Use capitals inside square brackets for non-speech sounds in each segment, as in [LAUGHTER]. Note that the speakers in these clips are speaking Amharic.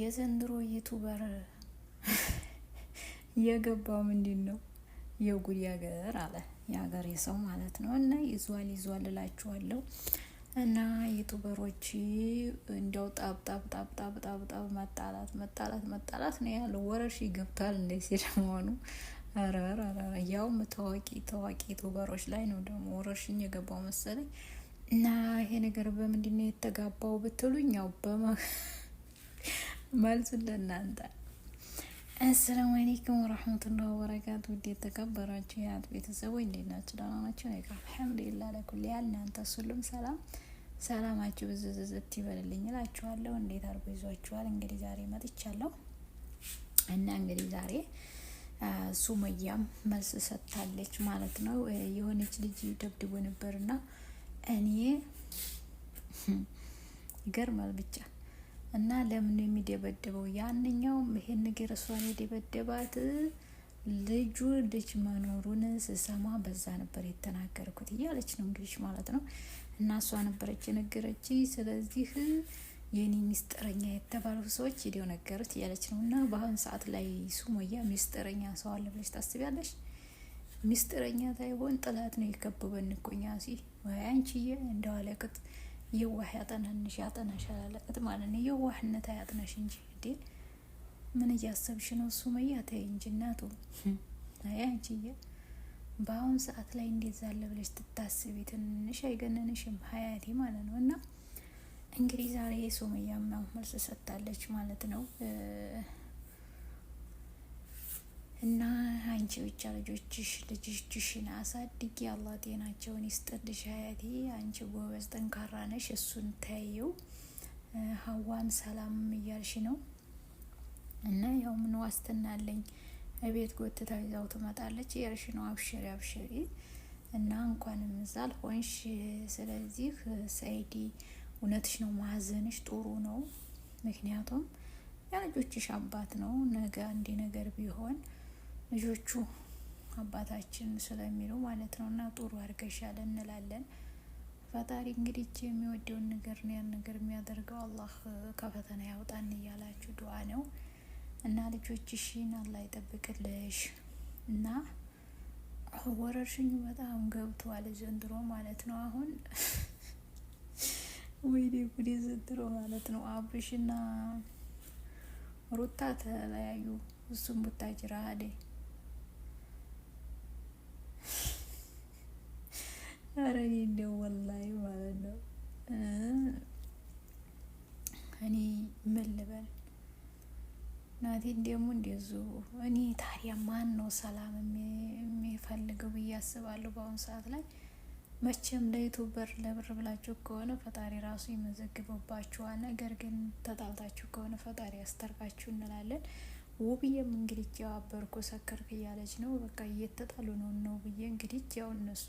የዘንድሮ ዩቱበር [LAUGHS] የገባው ምንድን ነው? የጉድ ያገር አለ የሀገር የሰው ማለት ነው። እና ይዟል ይዟል እላችኋለሁ። እና ዩቱበሮች እንዲያው ጣብ ጣብ ጣብ መጣላት መጣላት መጣላት ነው ያለው። ወረርሽ ይገብታል እንደ ሲል መሆኑ ረረ ያውም ታዋቂ ታዋቂ ዩቱበሮች ላይ ነው ደግሞ ወረርሽኝ የገባው መሰለኝ። እና ይሄ ነገር በምንድን ነው የተጋባው ብትሉኝ ያው [LAUGHS] መልሱ ለእናንተ። አሰላሙ አለይኩም ወራህመቱላሂ ወበረካቱ። ውድ የተከበራችሁ የአት ቤተሰቦች እንዴት ናችሁ? ደህና ናችሁ? አልሐምዱሊላህ ለኩል ያል እናንተ ሁሉም ሰላም ሰላማችሁ ብዝዝዝት ይበልልኝ እላችኋለሁ። እንዴት አድርጎ ይዟችኋል? እንግዲህ ዛሬ መጥቻለሁ እና እንግዲህ ዛሬ ሱመያም መልስ ሰጥታለች ማለት ነው። የሆነች ልጅ ደብድቦ ነበርና እኔ ገርማል ብቻ እና ለምን የሚደበድበው ያንኛው ይሄን ነገር እሷን የደበደባት ልጁ ልጅ መኖሩን ስሰማ በዛ ነበር የተናገርኩት እያለች ነው እንግዲህ ማለት ነው። እና እሷ ነበረች የነገረች። ስለዚህ የኔ ሚስጥረኛ የተባሉ ሰዎች ሄደው ነገሩት እያለች ነው። እና በአሁን ሰዓት ላይ ሱመያ ሚስጥረኛ ሰው አለ ብለች ታስቢያለች? ሚስጥረኛ ታይሆን ጥላት ነው የከበበን እኮ እኛ ሲ ወይ አንቺዬ እንደዋለቅት የዋህ ያጠናንሽ ያጠነሻል አለበት ማለት ነው። የዋህነት አያጥነሽ እንጂ እንዴ ምን እያሰብሽ ነው? እሱ መያተ እንጂ እናቱ አያንችየ በአሁን ሰዓት ላይ እንዴት ዛለ ብለሽ ትታስቢ ትንሽ አይገነንሽም ሀያቴ ማለት ነው። እና እንግዲህ ዛሬ ሱመያ መልስ ሰጥታለች ማለት ነው። እና አንቺ ብቻ ልጆችሽ ልጆችሽን አሳድጊ፣ አላህ ጤናቸውን ይስጥልሽ። ሀያቴ አንቺ ጎበዝ ጠንካራ ነሽ። እሱን ተያየው። ሀዋን ሰላም እያልሽ ነው እና ያው ምን ዋስትና አለኝ እቤት ጎትታ ይዛው ትመጣለች የርሽ ነው። አብሽሪ አብሽሪ እና እንኳንም እዛል ሆንሽ። ስለዚህ ሰይዲ እውነትሽ ነው፣ ማዘንሽ ጥሩ ነው። ምክንያቱም የልጆችሽ አባት ነው። ነገ አንዴ ነገር ቢሆን ልጆቹ አባታችን ስለሚሉ ማለት ነው። እና ጥሩ አድርገሻል እንላለን። ፈጣሪ እንግዲህ የሚወደውን ነገር ነው ያን ነገር የሚያደርገው። አላህ ከፈተና ያውጣን እያላችሁ ዱዓ ነው እና ልጆችሽን አላህ ይጠብቅልሽ እና ወረርሽኙ በጣም ገብቷል ዘንድሮ ማለት ነው። አሁን [LAUGHS] ወይኔ ጉዴ ዘንድሮ ማለት ነው። አብሽና ሩታ ተለያዩ። እሱም ቡታጅራ ሄደ። ኧረ እኔ እንደው ወላሂ ማለት ነው እኔ ምን ልበል ናቴን ደግሞ እንደዚሁ እኔ ታዲያ ማን ነው ሰላም የሚፈልገው ብዬ አስባለሁ። በአሁኑ ሰዓት ላይ መቼም ለዩቱበር ለብር ብላችሁ ከሆነ ፈጣሪ ራሱ ይመዘግበባችኋል። ነገር ግን ተጣልታችሁ ከሆነ ፈጣሪ ያስታርቃችሁ እንላለን። ውብዬም እንግዲህ ያው አበርኮ ሰከርክ እያለች ነው። በቃ እየተጣሉ ነው ነው ብዬ እንግዲህ ያው እነሱ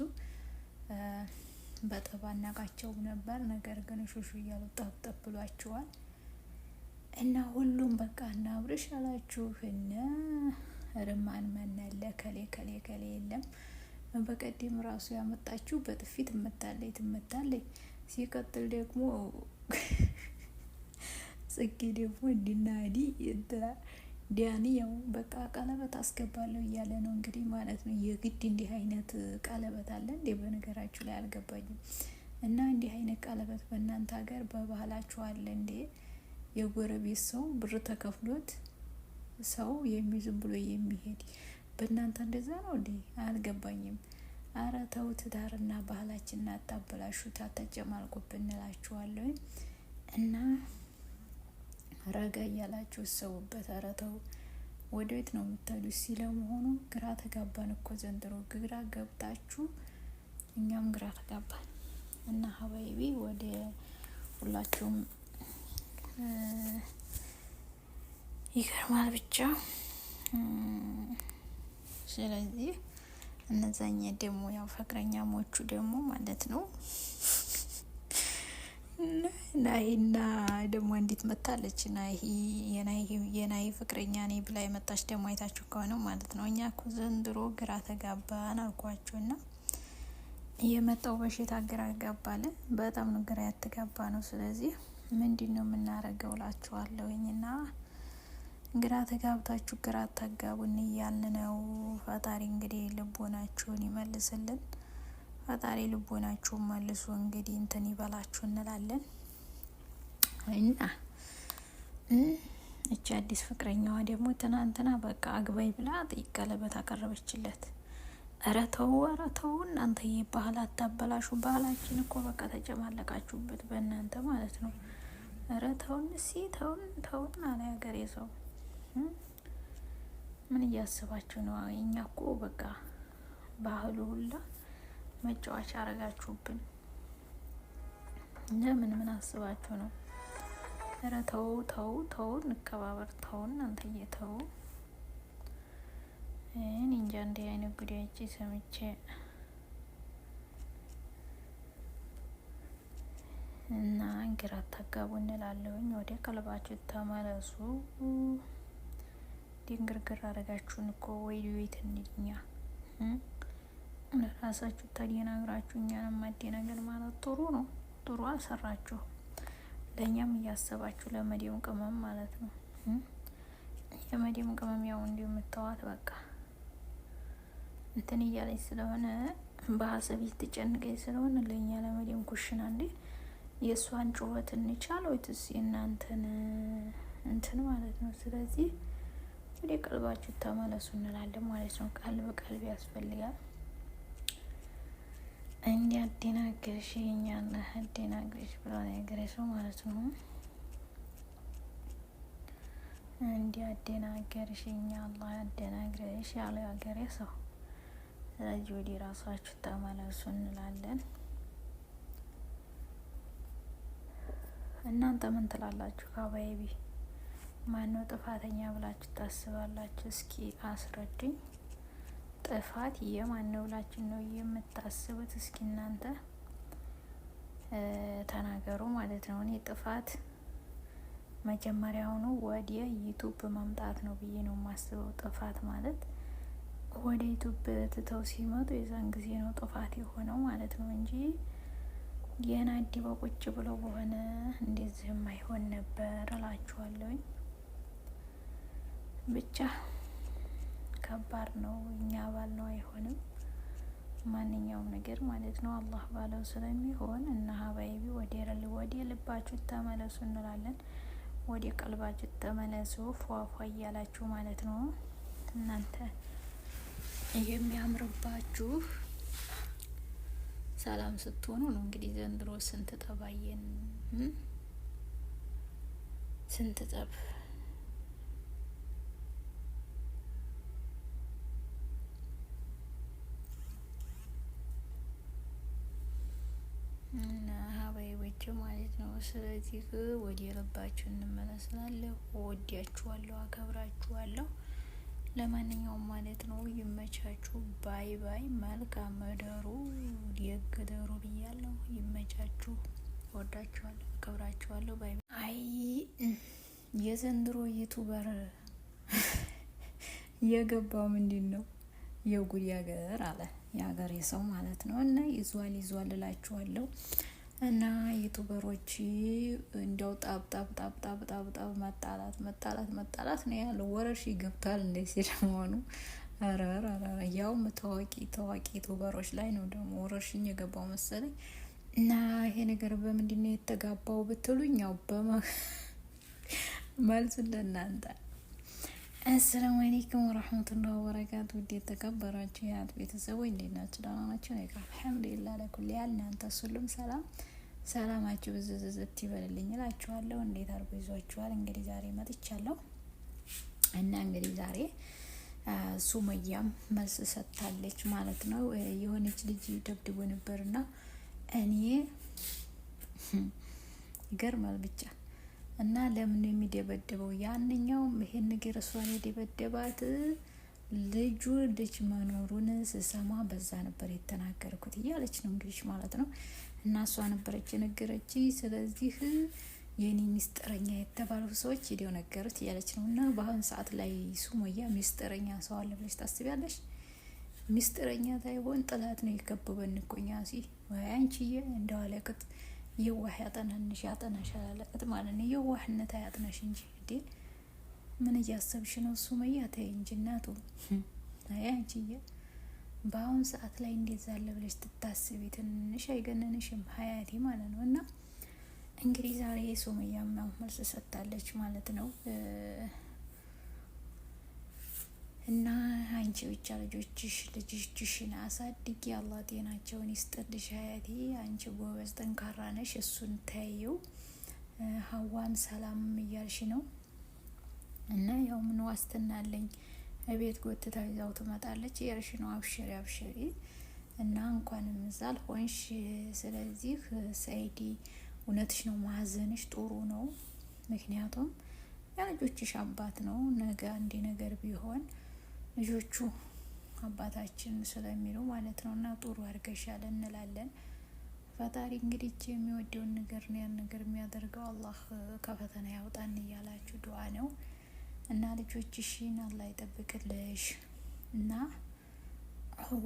በጠባ አናቃቸው ነበር። ነገር ግን ሹሹ እያሉ ጠብጠብ ብሏቸዋል። እና ሁሉም በቃ እናብርሽ አላችሁ እነ ርማን መናለ ከሌ ከሌ ከሌ የለም። በቀደም ራሱ ያመጣችሁ በጥፊ ትመታለች ትመታለች። ሲቀጥል ደግሞ ጽጌ ደግሞ እንዲናዲ ዲያኒ ያው በቃ ቀለበት አስገባለሁ እያለ ነው እንግዲህ ማለት ነው። የግድ እንዲህ አይነት ቀለበት አለ እንዴ? በነገራችሁ ላይ አልገባኝም። እና እንዲህ አይነት ቀለበት በእናንተ ሀገር በባህላችሁ አለ እንዴ? የጎረቤት ሰው ብር ተከፍሎት ሰው የሚዝም ብሎ የሚሄድ በእናንተ እንደዛ ነው እንዴ? አልገባኝም። አረ ተው ትዳርና ባህላችንን አታበላሹት፣ አታጨማልቁብን እንላችኋለን እና ረጋ እያላችሁ እሰቡበት። ኧረ ተው ወደ ቤት ነው የምትሄዱት ሲለመሆኑ መሆኑ ግራ ተጋባን እኮ ዘንድሮ ግራ ገብታችሁ እኛም ግራ ተጋባን እና ሀባይቢ ወደ ሁላችሁም ይገርማል ብቻ። ስለዚህ እነዛኛ ደግሞ ያው ፍቅረኛሞቹ ደግሞ ማለት ነው ናሂና ደግሞ እንዴት መታለች? ናሂ የናሂ ፍቅረኛ ኔ ብላ የመጣች ደግሞ አይታችሁ ከሆነ ማለት ነው። እኛ እኮ ዘንድሮ ግራ ተጋባን አልኳችሁ ና የመጣው በሽታ ግራ ያጋባልን። በጣም ነው ግራ ያተጋባ ነው። ስለዚህ ምንድን ነው የምናረገው ላችኋለሁኝ ና ግራ ተጋብታችሁ ግራ ታጋቡን እያልን ነው። ፈጣሪ እንግዲህ ልቦናችሁን ይመልስልን። ፈጣሪ ልቦናቸው መልሶ እንግዲህ እንትን ይበላችሁ እንላለን እና እቺ አዲስ ፍቅረኛዋ ደግሞ ትናንትና በቃ አግባይ ብላ ቀለበት አቀረበችለት። እረ ተው፣ እረ ተው እናንተዬ፣ ባህል አታበላሹ። ባህላችን እኮ በቃ ተጨማለቃችሁበት በእናንተ ማለት ነው። እረ ተውን፣ እሲ ተውን፣ ተውን አለ ሀገሬ ሰው። ምን እያስባችሁ ነው? እኛ እኮ በቃ ባህሉ ሁላ መጫወቻ አረጋችሁብን። ለምን ምን አስባችሁ ነው? ኧረ ተው ተው ተው፣ እንከባበር። ተው እናንተዬ ተው። እኔ እንጃ እንዲህ አይነት ጉዳይቼ ሰምቼ እና ግራ አታጋቡ እንላለሁኝ። ወደ ቀልባችሁ ተመለሱ። ድንግርግር አረጋችሁን እኮ ወይ ቤት እንድኛ ለራሳችሁ ታደናግራችሁ እኛንም ማደናገር ማለት ጥሩ ነው። ጥሩ አሰራችሁ፣ ለእኛም እያሰባችሁ ለመዲም ቅመም ማለት ነው። የመዲም ቅመም ያው የምታዋት በቃ እንትን እያለች ስለሆነ በሀሰብ እየተጨነቀኝ ስለሆነ ለእኛ ለመዲም ኩሽና እንዴ የእሷን ጩኸት እንቻል ወይትስ የእናንተን እንትን ማለት ነው። ስለዚህ ወደ ቀልባችሁ ተመለሱ እንላለን ማለት ነው። ቀልብ ቀልብ ያስፈልጋል። እንዲ አደናገርሽ የኛ አላህ አደናገርሽ ብሏል ያገሬ ማለት ነው። እንዲ አደናገርሽ የኛ አላህ አደናግረሽ ያለው ያገሬ ሰው። ስለዚህ ወደ ራሳችሁ ተመለሱ እንላለን። እናንተ ምን ትላላችሁ? ካባይቢ ማነው ጥፋተኛ ብላችሁ ታስባላችሁ? እስኪ አስረዱኝ። ጥፋት የማን ነው ብላችን ነው የምታስቡት? እስኪ እናንተ ተናገሩ ማለት ነው። እኔ ጥፋት መጀመሪያውኑ ወደ ዩቱብ መምጣት ነው ብዬ ነው የማስበው። ጥፋት ማለት ወደ ዩቱብ ትተው ሲመጡ የዛን ጊዜ ነው ጥፋት የሆነው ማለት ነው እንጂ የና አዲባ ቁጭ ብሎ በሆነ እንደዚህም አይሆን ነበር እላችኋለሁኝ ብቻ ከባድ ነው። እኛ ባል ነው አይሆንም ማንኛውም ነገር ማለት ነው። አላህ ባለው ስለሚሆን እና ሀባይቢ ወደ ወደ ልባችሁ ተመለሱ እንላለን። ወደ ቀልባችሁ ተመለሱ ፏፏ እያላችሁ ማለት ነው። እናንተ የሚያምርባችሁ ሰላም ስትሆኑ ነው። እንግዲህ ዘንድሮ ስንት ጠባየን ስንት ጠብ እና ሀበይቦች ማለት ነው። ስለዚህ ወደ ልባችሁ እንመለስላለሁ። ወዲያችኋለሁ፣ አከብራችኋለሁ። ለማንኛውም ማለት ነው ይመቻችሁ። ባይ ባይ። መልካም መደሩ ደግ ብያለሁ። ይመቻችሁ። ወዳችኋለሁ፣ አከብራችኋለሁ። ባይ አይ የዘንድሮ ዩቱበር [LAUGHS] የገባው ምንድን ነው የጉድ ያገር አለ የሀገሬ ሰው ማለት ነው። እና ይዟል ይዟል እላችኋለሁ። እና ዩቱበሮች እንዲያው ጣብጣብ ጣብጣብ ጣብጣብ መጣላት መጣላት መጣላት ነው ያለው። ወረርሽ ይገብታል እንደ ሲል መሆኑ ረረ ያውም ታዋቂ ታዋቂ ዩቱበሮች ላይ ነው ደግሞ ወረርሽኝ የገባው መሰለኝ። እና ይሄ ነገር በምንድነው የተጋባው ብትሉኝ ያው በመ [LAUGHS] መልሱ ለእናንተ አሰላሙ አለይኩም ወራህመቱላሂ ወበረካቱ። ውድ የተከበራችሁ የአት ቤተሰቦች እንዴት ናችሁ? ደህና ናችሁ? እኔ ጋር አልሐምዱሊላህ ለኩል ያል እናንተስ ሁሉም ሰላም ሰላማችሁ ብዝዝዝት ይበልልኝ እላችኋለሁ። እንዴት አድርጎ ይዟችኋል? እንግዲህ ዛሬ መጥቻለሁ እና እንግዲህ ዛሬ ሱመያም መልስ ሰጥታለች ማለት ነው። የሆነች ልጅ ደብድቦ ነበርና እኔ ገርማል ብቻ እና ለምን የሚደበደበው ያንኛው ይሄን ነገር እሷን የደበደባት ልጁ ልጅ መኖሩን ስሰማ በዛ ነበር የተናገርኩት እያለች ነው እንግዲህ ማለት ነው። እና እሷ ነበረች የነገረች። ስለዚህ የኔ ሚስጥረኛ የተባሉ ሰዎች ሄደው ነገሩት እያለች ነው። እና በአሁን ሰዓት ላይ ሱመያ ሚስጥረኛ ሰው አለ ብለሽ ታስቢያለሽ? ሚስጥረኛ ታይቦን ጥላት ነው የከበበን እኮ እኛ ሲ አንቺዬ እንደዋለቅጥ የዋህ ያጠናንሽ ያጠናሽ አለበት ማለት ነው። የዋህነት አያጥናሽ እንጂ እንዴ ምን እያሰብሽ ነው? እሱ መያተይ እንጂ እናቱ አንቺዬ፣ በአሁን ሰዓት ላይ እንዴት አለ ብለሽ ትታስቢ ትንሽ አይገነንሽም ሀያቴ ማለት ነው። እና እንግዲህ ዛሬ ሱመያም መልስ ሰጥታለች ማለት ነው። እና አንቺ ብቻ ልጆችሽ ልጆችሽን አሳድጊ፣ አላህ ጤናቸውን ይስጥልሽ ሀያቴ። አንቺ ጎበዝ ጠንካራ ነሽ፣ እሱን ተይው። ሀዋን ሰላም እያልሽ ነው እና ያው ምን ዋስትና አለኝ ቤት ጎትታ ይዛው ትመጣለች እያልሽ ነው። አብሽሪ አብሽሪ እና እንኳንም እዛል ሆንሽ። ስለዚህ ሰይዲ እውነትሽ ነው፣ ማዘንሽ ጥሩ ነው። ምክንያቱም ያ ልጆችሽ አባት ነው። ነገ አንድ ነገር ቢሆን ልጆቹ አባታችን ስለሚሉ ማለት ነው። እና ጥሩ አድርገሻል እንላለን። ፈጣሪ እንግዲህ የሚወደውን ነገር ነው ያን ነገር የሚያደርገው። አላህ ከፈተና ያውጣን እያላችሁ ዱአ ነው እና ልጆችሽን አላህ ይጠብቅልሽ እና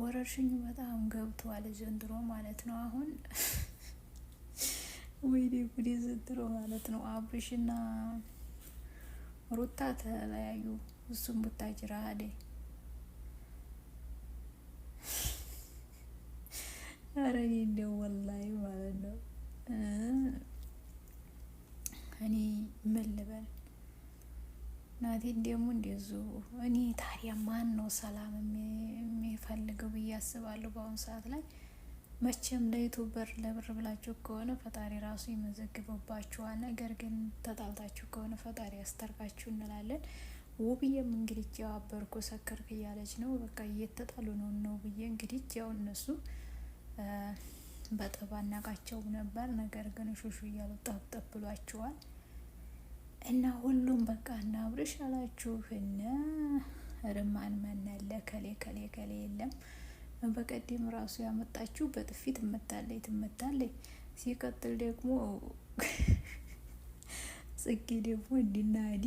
ወረርሽኙ በጣም ገብቷል ዘንድሮ ማለት ነው። አሁን [LAUGHS] ወይኔ ጉዴ ዘንድሮ ማለት ነው። አብርሽና ሩታ ተለያዩ። እሱም ቡታጅራ ኧረ እኔ እንደው ወላሂ ማለት ነው እኔ ምን ልበል ናቴን ደግሞ እኔ ታዲያ ማን ነው ሰላም የሚፈልገው ብዬ አስባለሁ። በአሁኑ ሰዓት ላይ መቼም ለዩቱበር ለብር ብላችሁ ከሆነ ፈጣሪ ራሱ ይመዘግበባችኋል። ነገር ግን ተጣልታችሁ ከሆነ ፈጣሪ ያስታርቃችሁ እንላለን። ውብዬም እንግዲህ ያው ሰከርክ እያለች ነው። በቃ እየተጣሉ ነው ነው ብዬ እንግዲህ ያው እነሱ በጠባ እናቃቸው ነበር። ነገር ግን ሹሹ እያሉ ጠብጠብ ብሏቸዋል እና ሁሉም በቃ እና አላችሁ እነ ርማን መነለ ከሌ ከሌ ከሌ የለም። በቀደም ራሱ ያመጣችሁ በጥፊ ትመታለች ትመታለች። ሲቀጥል ደግሞ ጽጌ ደግሞ እንዲናዲ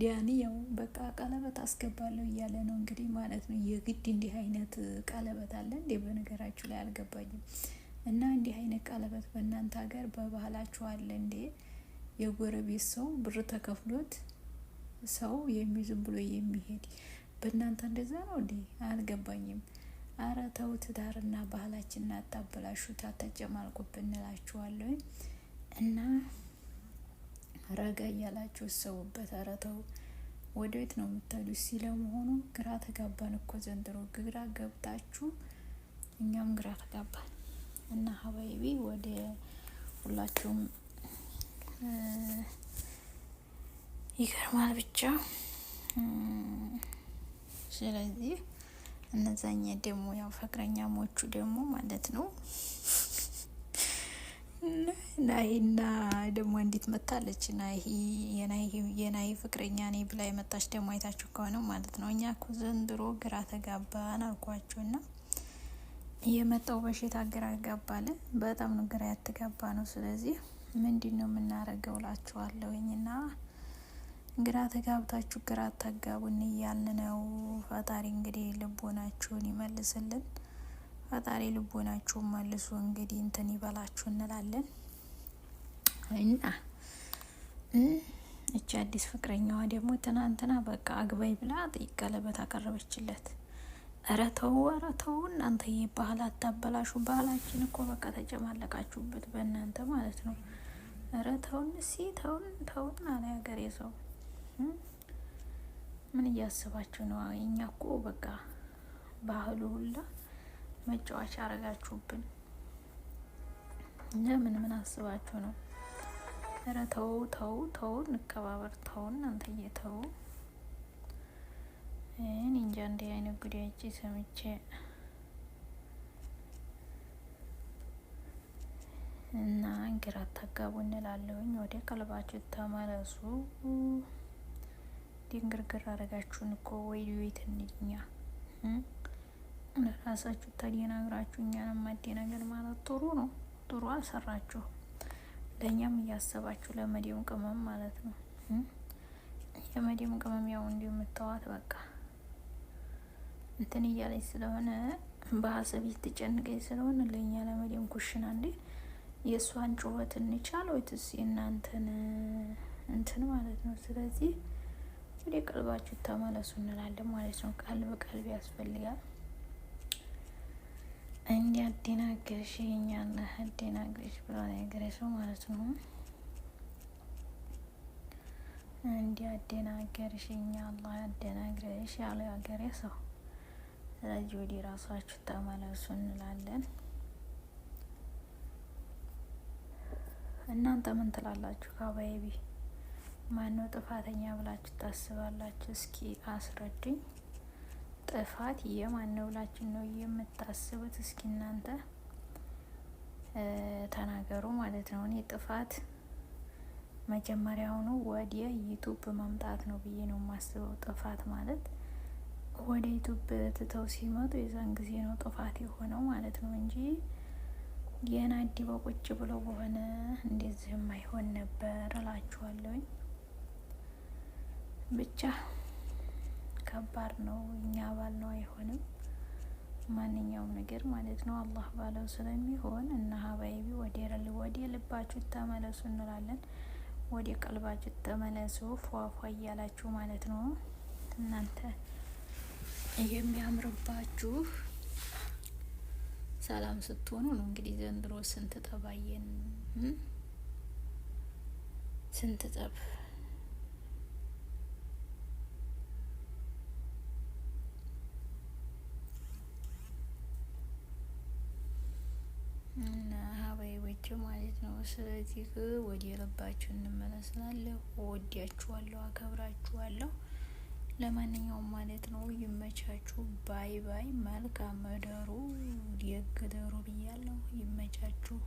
ዲያኒ ያው በቃ ቀለበት አስገባለሁ እያለ ነው እንግዲህ ማለት ነው። የግድ እንዲህ አይነት ቀለበት አለ እንዴ? በነገራችሁ ላይ አልገባኝም። እና እንዲህ አይነት ቀለበት በእናንተ ሀገር በባህላችሁ አለ እንዴ? የጎረቤት ሰው ብር ተከፍሎት ሰው የሚዝም ብሎ የሚሄድ በእናንተ እንደዛ ነው እንዴ? አልገባኝም። አረ ተው፣ ትዳርና ባህላችን አታበላሹት፣ አታጨማልቁብን እንላችኋለን እና ረጋ እያላችሁ እሰቡበት። ኧረ ተው ነው የምታሉ ሲለመሆኑ ግራ ተጋባን እኮ ዘንድሮ ግራ ገብታችሁ እኛም ግራ ተጋባን እና ሀባይቢ ወደ ሁላችሁም ይገርማል ብቻ። ስለዚህ እነዛኛ ደግሞ ያው ፍቅረኛሞቹ ደግሞ ማለት ነው ናሂና ደግሞ እንዴት መታለች? ናሂ የናሂ ፍቅረኛ ኔ ብላ የመጣች ደግሞ አይታችሁ ከሆነ ማለት ነው። እኛ እኮ ዘንድሮ ግራ ተጋባን አልኳችሁ ና የመጣው በሽታ ግራ ጋባልን በጣም ነው ግራ ያትጋባ ነው። ስለዚህ ምንድን ነው የምናረገው ላችኋለሁኝ ና ግራ ተጋብታችሁ ግራ አታጋቡን እያልን ነው። ፈጣሪ እንግዲህ ልቦናችሁን ይመልስልን። ፈጣሪ ልቦናችሁ መልሶ እንግዲህ እንትን ይበላችሁ እንላለን እና እቺ አዲስ ፍቅረኛዋ ደግሞ ትናንትና በቃ አግባይ ብላ ቀለበት አቀረበችለት። እረ ተው፣ እረ ተው እናንተ ይህ ባህል አታበላሹ። ባህላችን እኮ በቃ ተጨማለቃችሁበት በእናንተ ማለት ነው። እረ ተውን፣ ሲ ተውን፣ ተውን አለ ሀገሬ ሰው። ምን እያስባችሁ ነው? እኛ እኮ በቃ ባህሉ ሁላ መጫወቻ አረጋችሁብን። እና ምን ምን አስባችሁ ነው? ኧረ ተው ተው ተው፣ እንከባበር። ተው እናንተዬ ተው። እኔ እንጃ እንዲህ አይነት ጉዳያች ሰምቼ እና ግራ አታጋቡ እንላለሁኝ። ወደ ቀልባችሁ ተመለሱ። ድንግርግር አረጋችሁን እኮ ወይ ቤት እንድኛ ለራሳችሁ ተደናግራችሁ እኛንም ማደናገር ማለት ጥሩ ነው። ጥሩ አሰራችሁ፣ ለእኛም እያሰባችሁ ለመዲም ቅመም ማለት ነው። የመዲም ቅመም ያው እንዲሁ የምታዋት በቃ እንትን እያለች ስለሆነ በሀሰብ እየተጨነቀች ስለሆነ ለእኛ ለመዲም ኩሽና እንዴ የእሷን ጩኸት እንቻል ወይትስ እናንተን እንትን ማለት ነው። ስለዚህ ወደ ቀልባችሁ ተመለሱ እንላለን ማለት ነው። ቀልብ ቀልብ ያስፈልጋል። እንዲህ አደናገርሽ የኛ አላህ አደናገርሽ ያገረሰው ያገሬ ሰው ማለት ነው። እንዲ አደናገርሽ የኛ አላህ አደናግረሽ ያገሬ ሰው። ስለዚህ ወደ ራሳችሁ ተመለሱ እንላለን። እናንተ ምን ትላላችሁ? ካባይቢ ማነው ጥፋተኛ ብላችሁ ታስባላችሁ? እስኪ አስረዱኝ። ጥፋት የማን ነው ብላችን ነው የምታስቡት? እስኪ እናንተ ተናገሩ ማለት ነው። እኔ ጥፋት መጀመሪያውኑ ወደ ዩቱብ መምጣት ነው ብዬ ነው የማስበው። ጥፋት ማለት ወደ ዩቱብ ትተው ሲመጡ የዛን ጊዜ ነው ጥፋት የሆነው ማለት ነው እንጂ ገና አዲበ ቁጭ ብሎ በሆነ እንደዚህም አይሆን ነበር እላችኋለሁኝ ብቻ ከባድ ነው። እኛ ባል ነው አይሆንም ማንኛውም ነገር ማለት ነው አላህ ባለው ስለሚሆን እና ሀባይቢ ወደ ወደ ልባችሁ ተመለሱ እንላለን። ወደ ቀልባችሁ ተመለሱ ፏፏ እያላችሁ ማለት ነው። እናንተ የሚያምርባችሁ ሰላም ስትሆኑ ነው። እንግዲህ ዘንድሮ ስንት ጠባየን ስንት ጠብ እና ሀባይቦች ማለት ነው። ስለዚህ ወደ ልባችሁ እንመለስላለሁ። ወዲያችኋለሁ፣ አከብራችኋለሁ። ለማንኛውም ማለት ነው ይመቻችሁ። ባይ ባይ። መልካም እደሩ፣ ደግ ብያለሁ። ይመቻችሁ።